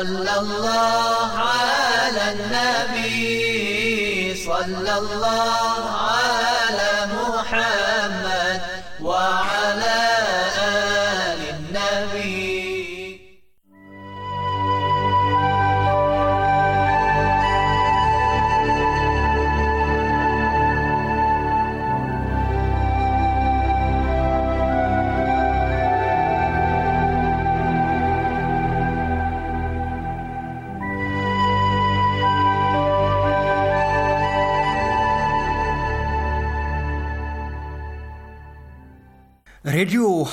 صلى الله على النبي صلى الله عليه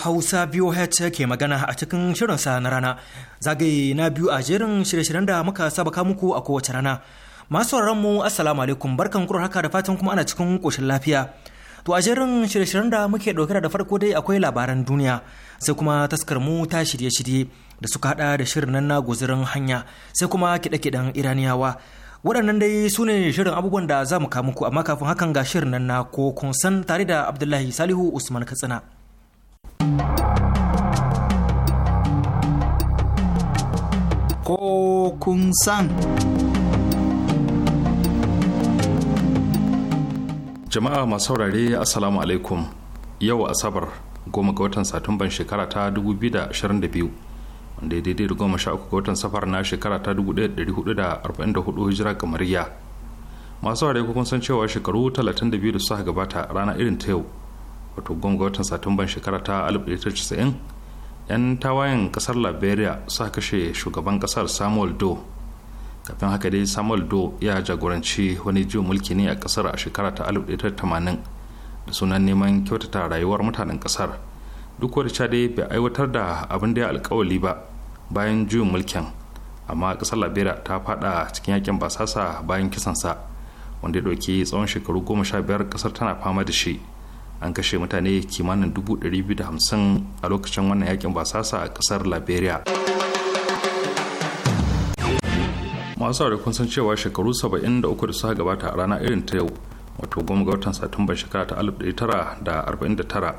Hausa biyu VOH ke magana a cikin shirinsa na rana zagaye na biyu a jerin shirye-shiryen da muka sabaka muku a kowace rana. Masu mu Assalamu alaikum barkan kuro haka da fatan kuma ana cikin ƙoshin lafiya. To a jerin shirye-shiryen da muke ɗauke da farko dai akwai labaran duniya sai kuma taskar mu ta shirye-shirye da suka hada da shirin nan na gozirin hanya sai kuma kiɗe-kiɗen Iraniyawa. waɗannan dai su ne shirin abubuwan da za mu kamuku amma kafin hakan ga shirin nan na ko kun san tare da abdullahi salihu usman katsina Ko kun san. Jama'a masu saurare Assalamu alaikum yau Asabar goma ga watan Satumban shekara ta 2022 wanda ya daidai da goma sha uku ga watan safar na shekara ta 1444 hijira kamariya. Masu saurare kun san cewa shekaru 32 da suka gabata rana irin ta yau wato goma watan satumban shekara ta 1990 'yan tawayen kasar liberia sa kashe shugaban kasar samuel do kafin haka dai samuel do ya jagoranci wani jiyo mulki ne a kasar a shekara ta 1980 da sunan neman kyautata rayuwar mutanen kasar duk wani cha dai bai aiwatar da abin da ya alkawali ba bayan juyin mulkin amma kasar liberia ta fada cikin yakin basasa bayan kisansa wanda ya ɗauki tsawon shekaru goma sha biyar kasar tana fama da shi an kashe mutane kimanin 250 a lokacin wannan yakin basasa a kasar liberia masu da kun san cewa shekaru 73 da suka gabata a rana irin ta yau wato goma ga watan satumba shekara ta 1949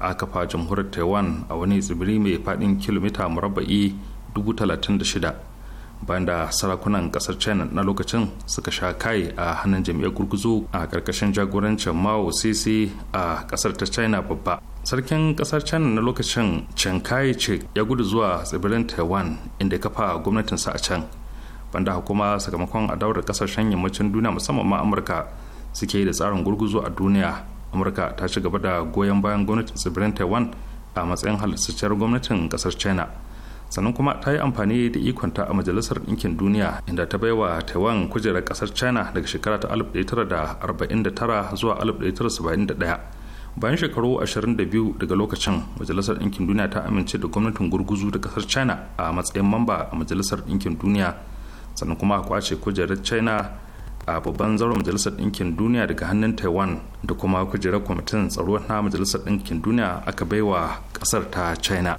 a kafa jamhuriyar taiwan a wani tsibiri mai faɗin kilomita murabba'i 36 bayan da sarakunan kasar china na lokacin suka sha kai a hannun jam'iyyar gurguzu a karkashin jagorancin mao sisi a kasar ta china babba sarkin kasar china na lokacin chen kai ya gudu zuwa tsibirin taiwan inda ya kafa gwamnatinsa a can banda hukuma sakamakon adawar kasashen yammacin duniya musamman ma amurka suke da tsarin gurguzu a duniya amurka ta ci gaba da goyon bayan gwamnatin tsibirin taiwan a matsayin halittacciyar gwamnatin kasar china sannan kuma ta yi amfani da ikonta a majalisar ɗinkin duniya inda ta baiwa taiwan kujerar kasar china daga shekara ta 1949 zuwa 1971 bayan shekaru 22 daga lokacin majalisar ɗinkin duniya ta amince da gwamnatin gurguzu da kasar china a matsayin mamba a majalisar ɗinkin duniya sannan kuma a kwace kujerar china a babban zaro majalisar ɗinkin duniya daga hannun taiwan da kuma kujerar kwamitin tsaro na majalisar ɗinkin duniya aka baiwa kasar ta china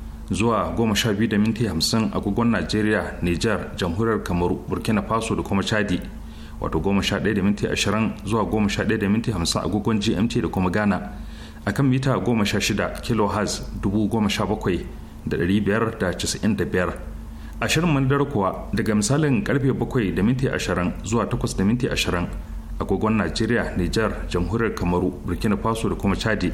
zuwa goma sha biyu da minti agogon najeriya nijar jamhuriyar kamaru burkina faso da kuma chadi wato goma sha ɗaya da zuwa goma sha ɗaya da minti hamsin agogon gmt da kuma ghana akan mita goma sha shida kilohertz dubu goma sha bakwai biyar da da biyar ashirin mandar kuwa daga misalin karfe bakwai da minti ashirin zuwa takwas da minti ashirin agogon najeriya nijar jamhuriyar kamaru burkina faso da kuma chadi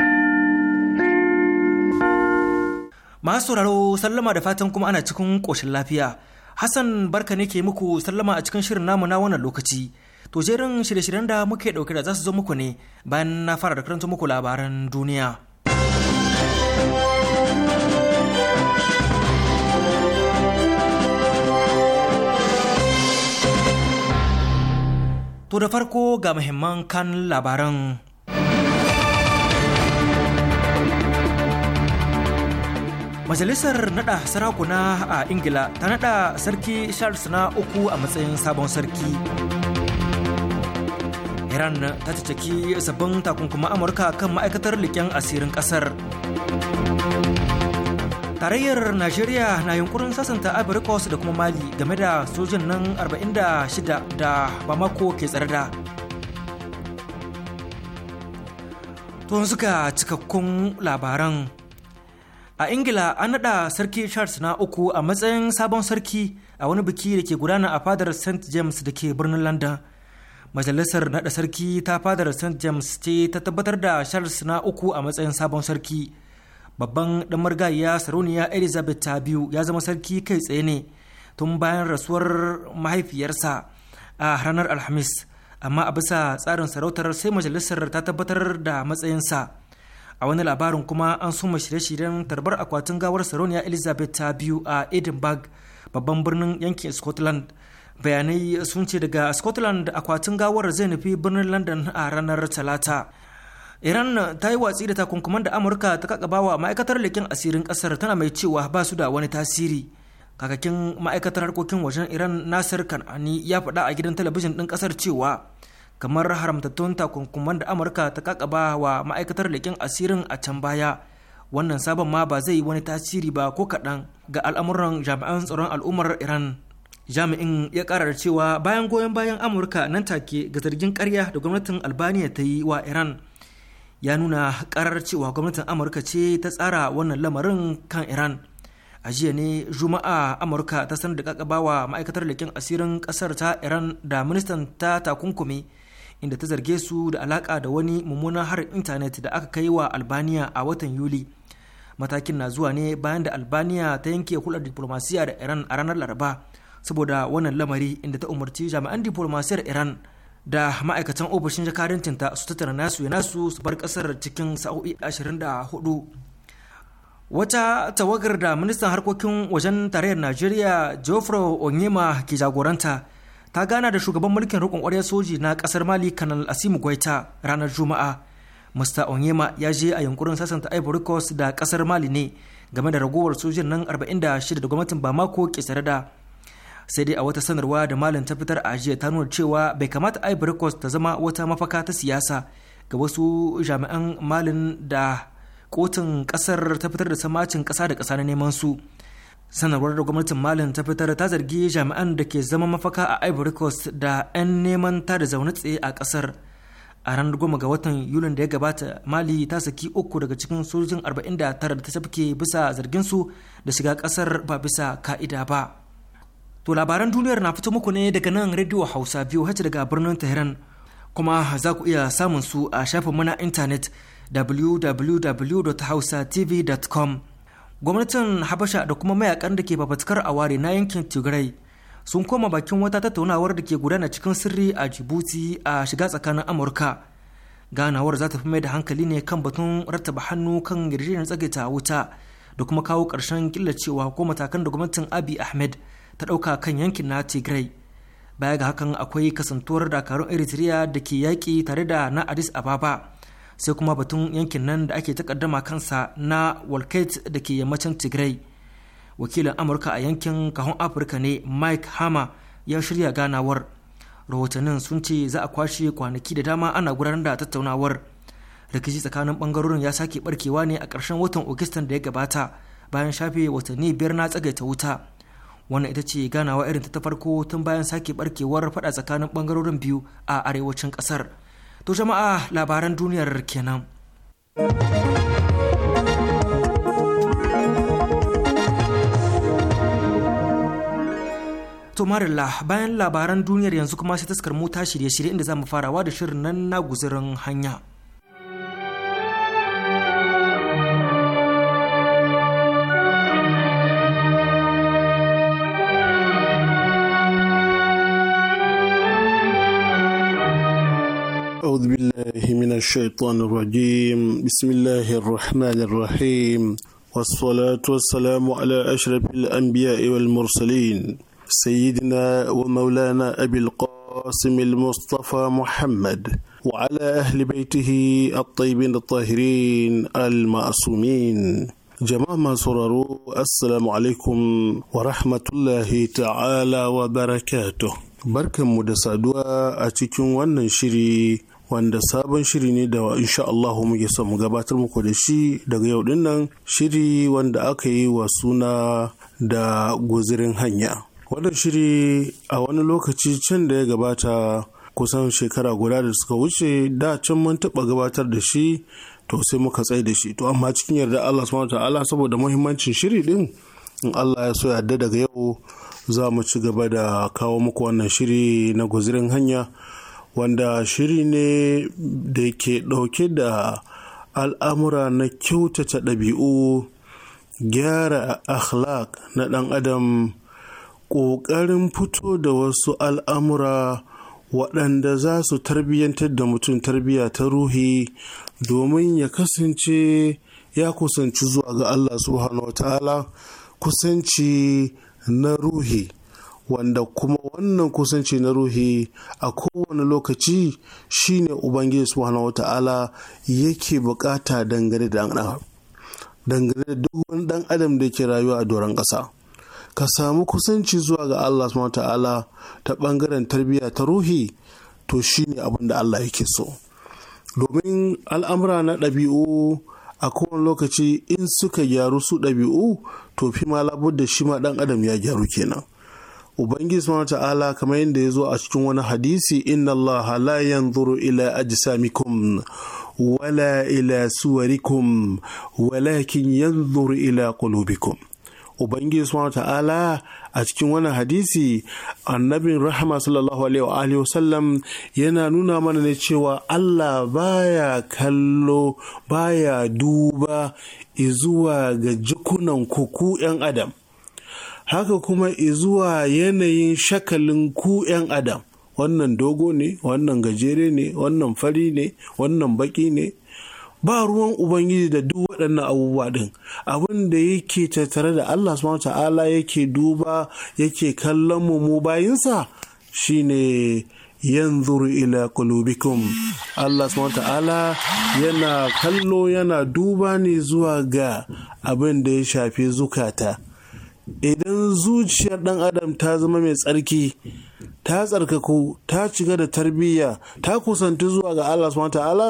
Masu sauraro sallama da fatan kuma ana cikin ƙoshin lafiya. Hassan barka ne ke muku sallama a cikin shirin namu na wannan lokaci. To jerin shirye-shiryen da muke ɗauke da za su zo muku ne bayan na fara da karanta muku labaran duniya. To da farko ga muhimman kan labaran majalisar naɗa sarakuna a ingila ta naɗa sarki charles na uku a matsayin sabon sarki iran ta cikaki sabbin takunkuma amurka kan ma'aikatar liken asirin ƙasar. tarayyar najeriya na yunkurin sasanta abirikos da kuma mali game da sojin nan 46 da bamako ke tsare da tun suka cikakkun labaran a ingila an naɗa sarki charles na uku a matsayin sabon sarki a wani biki da ke gudana a fadar st james da ke birnin london majalisar naɗa sarki ta fadar st james ce ta tabbatar da charles na uku a matsayin sabon sarki babban dan margayya sarauniya elizabeth ta biyu ya zama sarki kai tsaye ne tun bayan rasuwar mahaifiyarsa a ranar alhamis amma a bisa tsarin sarautar sai majalisar ta tabbatar da matsayinsa a wani labarin kuma an suma shirye-shiryen tarbar akwatin gawar sarauniya elizabeth ta biyu a edinburgh babban birnin yankin scotland bayanai sun ce daga scotland akwatin gawar zai nufi birnin london a ranar talata iran ta yi watsi da takunkuman da amurka ta kakabawa ma'aikatar lekin asirin kasar tana mai cewa ba su da wani tasiri kakakin ma'aikatar harkokin wajen iran nasir kan'ani ya faɗa a gidan talabijin ɗin ƙasar cewa kamar haramtattun takunkuman da amurka ta kakaba wa ma'aikatar leƙen asirin a can baya wannan sabon ma ba zai yi wani tasiri ba ko kaɗan ga al'amuran jami'an tsaron al'ummar iran jami'in ya ƙara da cewa bayan goyon bayan amurka nan take ga zargin karya da gwamnatin albaniya ta yi wa iran ya nuna karar cewa gwamnatin amurka ce ta tsara wannan lamarin kan iran a jiya ne juma'a amurka ta sanar da kakabawa ma'aikatar leƙen asirin ƙasar ta iran da ministan ta takunkumi inda ta zarge su da alaka da wani mummunan harin intanet da aka kai wa albaniya a watan yuli matakin na zuwa ne bayan da albaniya ta yanke hulɗar diplomasiya da iran a ranar laraba saboda wannan lamari inda ta umarci jami'an diplomasiyar iran da ma'aikatan ofishin ta su tattara nasu ya nasu su bar kasar cikin sa'o'i hudu wata tawagar da ministan harkokin wajen tarayyar najeriya geoffrey onyema ke jagoranta ta gana da shugaban mulkin rukun kwarya soji na kasar mali kanal asimu gwaita ranar juma'a mr onyema ya je a yunkurin sasanta ivory coast da kasar mali ne game da ragowar sojin nan 46 da gwamnatin bamako ke tsare da sai dai a wata sanarwa da malin ta fitar a jiya ta nuna cewa bai kamata ivory coast ta zama wata mafaka ta siyasa ga wasu jami'an malin da kotun kasar ta fitar da samacin kasa da kasa na neman su sanarwar da gwamnatin malin ta fitar ta zargi jami'an da ke zama mafaka a ivory coast da 'yan neman ta da zaune tsaye a kasar a ranar goma ga watan yulin da ya gabata mali ta saki uku daga cikin sojojin 49 da ta tafke bisa zarginsu da shiga kasar ba bisa ka'ida ba to labaran duniyar na fito muku ne daga nan radio hausa biyu hace daga birnin tehran kuma za ku iya samun su a shafinmu na intanet www.hausatv.com gwamnatin habasha da kuma mayakan da ke fafatkar a ware na yankin tigray sun koma bakin wata tattaunawar da ke gudana cikin sirri a jibuti a shiga tsakanin amurka ganawar za ta fi mai da hankali ne kan batun rattaba hannu kan yarjejeniyar tsagaita wuta da kuma kawo ƙarshen killacewa ko matakan da gwamnatin abi ahmed ta ɗauka kan yankin na tigray baya ga hakan akwai kasantuwar dakarun eritrea da ke yaƙi tare da na addis ababa sai kuma batun yankin nan da ake takaddama kansa na walkate da ke yammacin tigray wakilin amurka a yankin kahon afirka ne mike hama ya shirya ganawar rahotannin sun ce za a kwashe kwanaki da dama ana gudanar da tattaunawar rikici tsakanin bangarorin ya sake barkewa ne a ƙarshen watan ogistan da ya gabata bayan shafe watanni biyar na tsagaita wuta wannan ita ce ganawa irin ta farko tun bayan sake barkewar faɗa tsakanin bangarorin biyu a arewacin ƙasar To jama'a labaran duniyar kenan. To marilla bayan labaran duniyar yanzu kuma sai taskar mota shirye-shirye inda za mu farawa da shirin nan na guzurin hanya. الشيطان الرجيم بسم الله الرحمن الرحيم والصلاة والسلام على أشرف الأنبياء والمرسلين سيدنا ومولانا أبي القاسم المصطفى محمد وعلى أهل بيته الطيبين الطاهرين المعصومين جماعة ما سرروا السلام عليكم ورحمة الله تعالى وبركاته بركة da أتيكم a wanda sabon shiri ne da insha Allah muke son mu gabatar muku da shi daga yau din nan shiri wanda aka yi wa suna da guzirin hanya. Wannan shiri a wani lokaci can da ya gabata kusan shekara guda da suka wuce da can mun taɓa gabatar da shi to sai muka tsaye da shi to amma cikin yarda Allah subhanahu ta'ala saboda muhimmancin shiri din in Allah ya so yarda daga yau za mu ci gaba da kawo muku wannan shiri na guzirin hanya wanda shiri ne da ke ɗauke da al'amura na kyautata ɗabi'u gyara akhlaq na ɗan adam ƙoƙarin fito da wasu al'amura waɗanda za su tarbiyyantar da mutum tarbiyya ta ruhi domin ya kasance ya kusanci zuwa ga Allah subhanahu wa ta'ala kusanci na ruhi wanda kuma wannan kusanci na ruhi a kowane lokaci shine ubangiji subhanahu wata'ala yake bukata dangane da dan dangane da duk wani dan adam da ke rayuwa a doron ƙasa ka samu kusanci zuwa ga Allah subhanahu wata'ala ta bangaren tarbiyya ta ruhi to shine abin da Allah yake so domin al'amura na ɗabi'u a kowane lokaci in suka gyaru su ɗabi'u to fi ma labar da shi ma ɗan adam ya gyaru kenan ubangiji subhanahu ta'ala kamar yadda ya zo a cikin wani hadisi inna Allah la yanzuru ila ajsamikum wala ila suwarikum walakin yanzuru ila qulubikum ubangiji subhanahu ta'ala a cikin wani hadisi annabin rahama sallallahu alaihi wa sallam yana nuna mana ne cewa Allah baya kallo baya duba izuwa ga jikunan kuku 'yan adam haka kuma zuwa yanayin shakalin ku 'yan adam wannan dogo ne wannan gajere ne wannan fari ne wannan baki ne ba ruwan ubangiji da duk waɗannan abubuwa ɗin abin da yake tattare da allah subhanahu ta'ala yake duba yake kallon mu mu bayinsa shine yanzuru ila kulubikum allah subhanahu ta'ala yana kallo yana duba ne zuwa ga abin da ya shafi zukata idan zuciyar ɗan adam ta zama mai tsarki ta tsarkaku ta shiga da tarbiyya ta kusanci zuwa ga Allah subhanahu ta'ala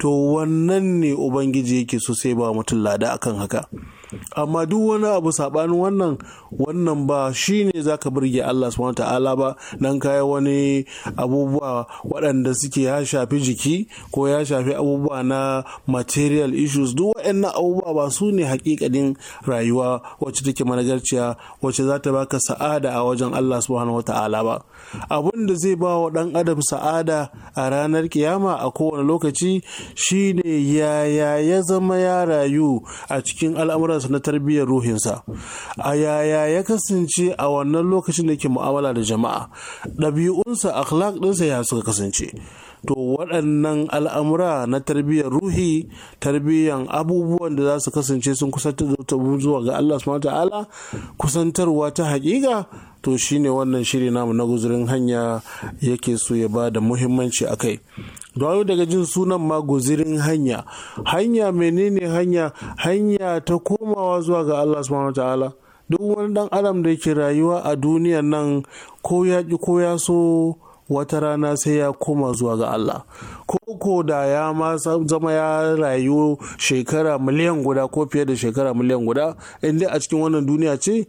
to wannan ne ubangiji yake so sai ba mutum lada akan haka amma duk wani abu saɓanin wannan wannan ba za ka burge Allah subhanahu ta'ala ba don kayi wani abubuwa waɗanda suke ya shafi jiki ko ya shafi abubuwa na material issues duk waɗannan abubuwa ba su ne hakikanin rayuwa wacce take managarciya wacce za ta baka sa'ada a wajen Allah subhanahu ta'ala ba abun da zai ba wa ɗan adam sa'ada a ranar kiyama a kowane lokaci shine yaya ya zama ya rayu a cikin al'amuran kansa na tarbiyyar ruhinsa a yaya ya kasance a wannan lokacin da ke mu'amala da jama'a ɗabi'unsa akhlaq ɗinsa ya suka kasance to waɗannan al'amura na tarbiyyar ruhi tarbiyyar abubuwan da za su kasance sun kusantar zuwa ga Allah subhanahu ta'ala kusantarwa ta haƙiƙa to shine wannan shiri namu na guzurin hanya yake so ya ba da muhimmanci a kai dawo daga jin sunan ma gozirin hanya hanya menene hanya hanya ta komawa zuwa ga Allah subhanahu ta'ala duk wani dan adam da yake rayuwa a duniyan nan ko ya ki ko ya so wata rana sai ya koma zuwa ga Allah ko ko da ya ma zama ya rayu shekara miliyan guda ko fiye da shekara miliyan guda inda a cikin wannan duniya ce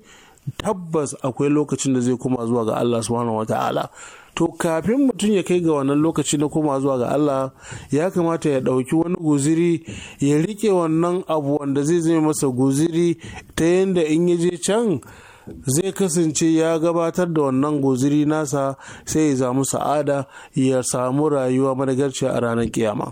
tabbas akwai lokacin da zai koma zuwa ga Allah subhanahu wata'ala to kafin mutum ya kai ga wannan lokaci na koma zuwa ga Allah ya kamata ya ɗauki wani guziri ya rike wannan abu wanda zai zai masa guziri ta yadda in ya je can zai kasance ya gabatar da wannan guziri nasa sai ya samu sa'ada ya samu rayuwa managarci a ranar kiyama.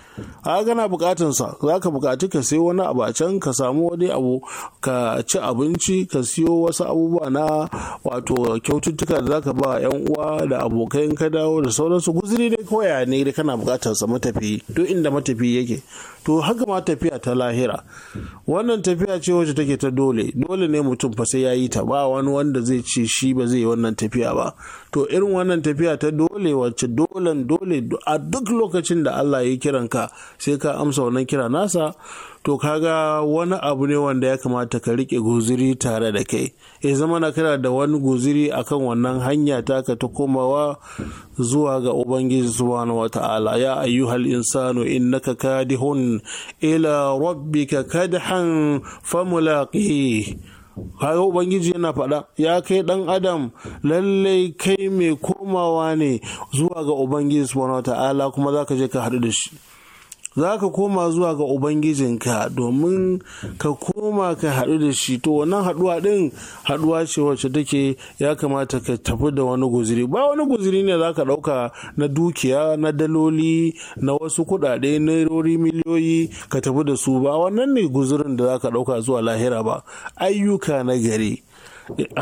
a kana bukatunsa sa za ka bukaci ka siyo wani abu a can ka samu wani abu ka ci abinci ka siyo wasu abubuwa na wato kyaututtuka da za ka ba yan uwa da abokan ka dawo da sauransu guzuri ne koya ne da kana bukatar sa matafi duk inda matafi yake to haka ma tafiya ta lahira wannan tafiya ce wacce take ta dole dole ne mutum fa sai yayi ta ba wani wanda zai ce shi ba zai yi wannan tafiya ba to irin wannan tafiya ta dole wacce dolen dole a duk lokacin da Allah ya kiranka sai ka amsa wannan kira nasa to kaga wani abu ne wanda ya kamata ka rike guziri tare da kai ya zama na kana da wani guziri akan wannan hanya taka ta komawa zuwa ga ubangiji subhanahu wata'ala ya ayyuhal insanu innaka kadihun ila rabbika kadhan famulaqi kaga ubangiji yana faɗa ya kai dan adam lallai kai mai komawa ne zuwa ga ubangiji subhanahu wata'ala kuma zaka je ka haɗu da shi za ka koma zuwa ga ubangijinka domin ka koma ka haɗu da shi to wannan haɗuwa ɗin haɗuwa ce wacce take ya kamata ka tafi da wani guziri ba wani guziri ne za ka ɗauka na dukiya na daloli na wasu kuɗaɗe rori miliyoyi ka tafi da su ba wannan ne guzirin da za ka ɗauka zuwa lahira ba ayyuka na gari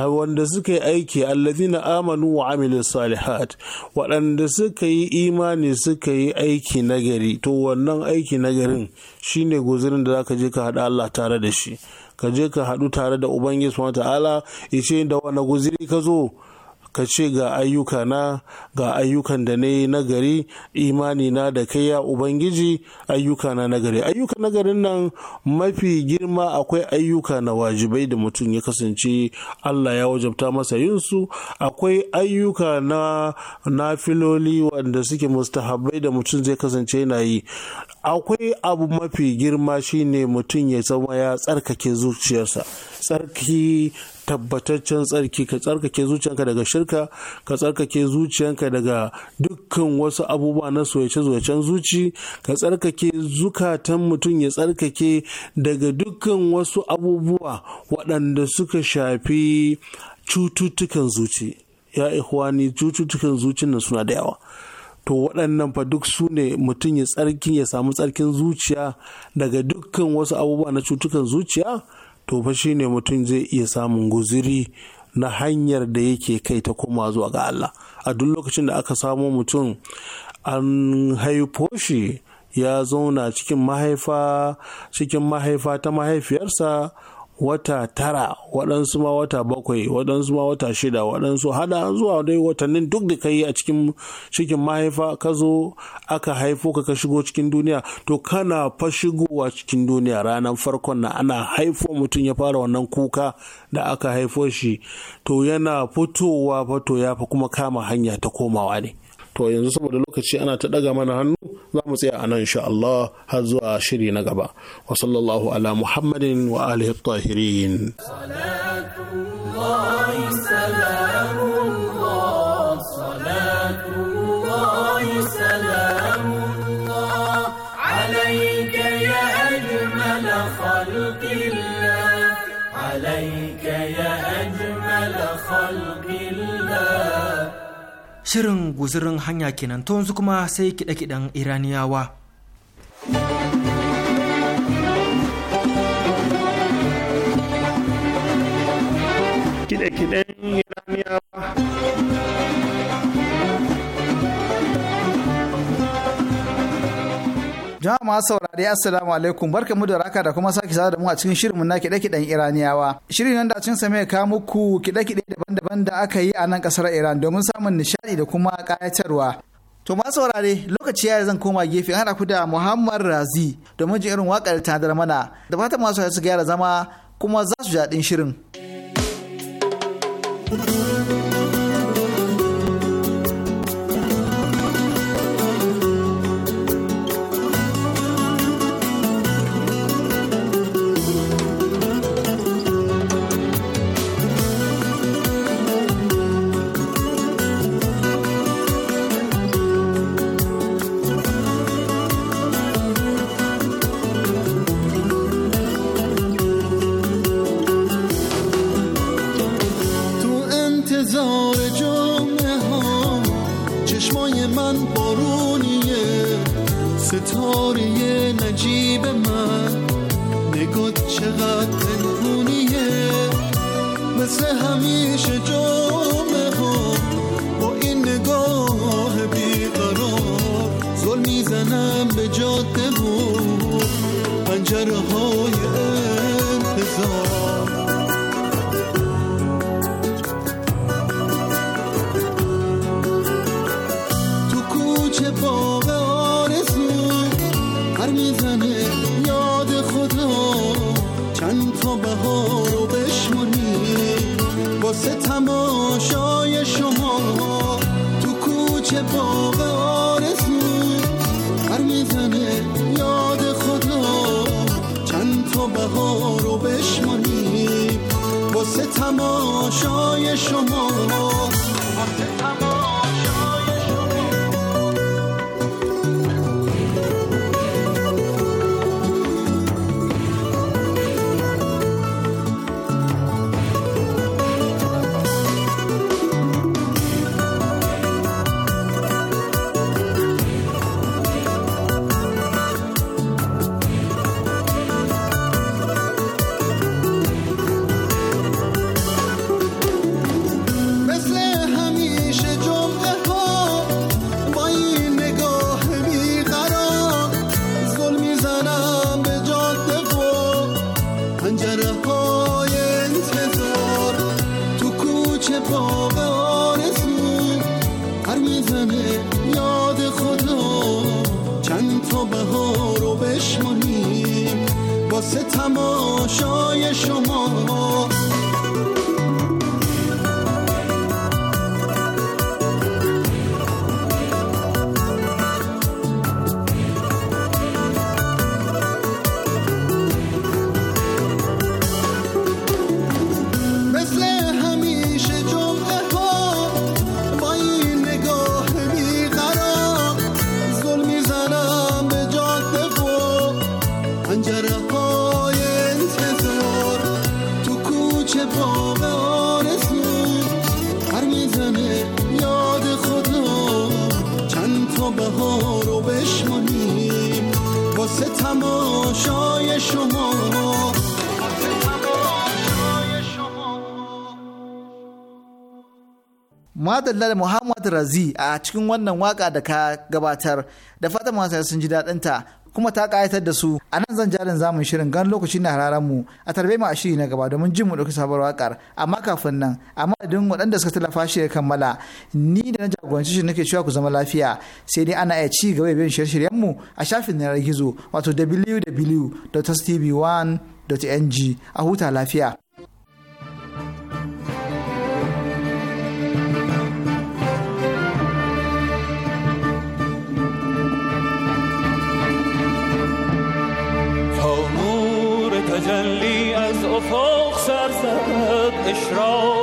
wanda suka yi aiki na amanu wa amilin salihat waɗanda suka yi imani suka yi aiki nagari to wannan aiki nagarin shine guzirin da zaka je ka haɗa Allah tare da shi ka je ka haɗu tare da ubangiji subhanahu ta'ala ishe da wani guziri ka zo ka ce ga na ga ayyukan da na yi nagari imanina da kai ya ubangiji ayyuka na nagari ayyuka nagarin nan mafi girma akwai ayyuka na wajibai da mutum ya kasance allah ya wajabta masa yin su akwai ayyuka na nafiloli wanda suke mustahabbai da mutum zai kasance yana yi akwai abu mafi girma shine mutum ya zama ya tsarkake zuciyarsa tsarki tabbataccen tsarki ka tsarkake zuciyanka daga shirka ka tsarkake zuciyanka daga dukkan wasu abubuwa na soyace zuwacen zuci ka tsarkake zukatan mutum ya tsarkake daga dukkan wasu abubuwa waɗanda suka shafi cututtukan zuci ya ihwani cututtukan zucin nan suna da yawa to waɗannan fa duk su ne mutum ya tsarki ya samu tsarkin zuciya daga dukkan wasu abubuwa na cutukan zuciya to fa shine mutum zai iya samun guziri na hanyar da yake kai ta koma zuwa ga Allah a duk lokacin da aka samo mutum an haifo shi ya zauna cikin mahaifa cikin mahaifa ta mahaifiyarsa wata tara waɗansu ma wata bakwai waɗansu ma wata shida waɗansu hada zuwa dai watannin duk da ka yi a cikin cikin mahaifa ka zo aka haifo ka ka shigo cikin duniya to kana fa shigowa cikin duniya ranar farkon na ana haifo mutum ya fara wannan kuka da aka haifo shi to yana fitowa fa to ya fa kuma kama hanya ta komawa ne to yanzu saboda lokaci ana ta daga mana hannu za mu tsaya a nan insha Allah har zuwa shiri na gaba wa sallallahu ala muhammadin wa alihi tahirin shirin guzurin hanya kenan to yanzu kuma sai kiɗe-kiɗen iraniyawa kiɗe-kiɗen iraniyawa Jama'a masu saurari assalamu alaikum barka mu da raka da kuma sake sada da mu a cikin shirinmu na kiɗe-kiɗen Iraniyawa. Shirin nan da cin sa mai kawo muku kiɗe-kiɗe daban-daban da aka yi a nan ƙasar Iran domin samun nishaɗi da kuma kayatarwa. To masu saurari lokaci ya zan koma gefe ana ku da Muhammad Razi domin jin irin waƙar da mana da fatan masu su gyara zama kuma za su jaɗin shirin. چقدر پنهونیه مثل همیشه جامعه ها با این نگاه بیقرار زل میزنم به جاده و پنجره های انتظار باغ آرزو هر میزنه یاد خدا چند تا بهار رو بشمانی واسه تماشای شما madalla da muhammad razi a cikin wannan waka da ka gabatar da fatan masu sun ji daɗin kuma ta ƙayatar da su a nan zan jarin zamun shirin gan lokaci na hararen mu a tarbe ma a shiri na gaba domin jin mu ɗauki sabar wakar amma kafin nan amma idan waɗanda suka tallafa shi ya kammala ni da na jagoranci shi nake cewa ku zama lafiya sai dai ana iya ci gaba da bin shirye-shiryen mu a shafin na gizo wato www.tv1.ng a huta lafiya. the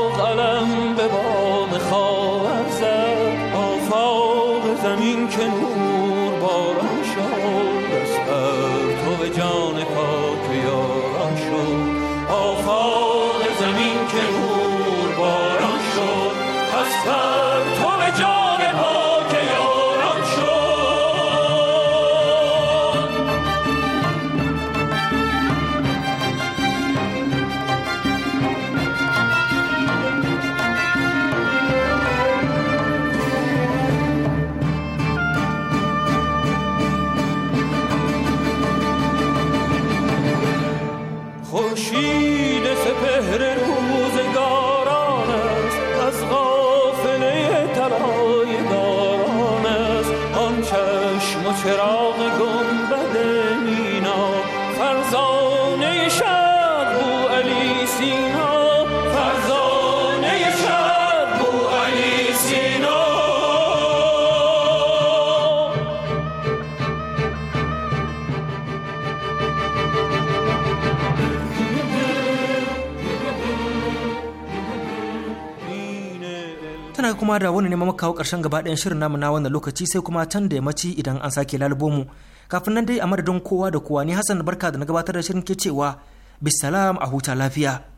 da wani ne muka kawo karshen gaba ɗayan shirin namu na wannan lokaci sai kuma can da yammaci idan an sake lalubo mu kafin nan dai a madadin kowa da kowa ni Hassan barka da na gabatar da shirin ke cewa bisalam a huta lafiya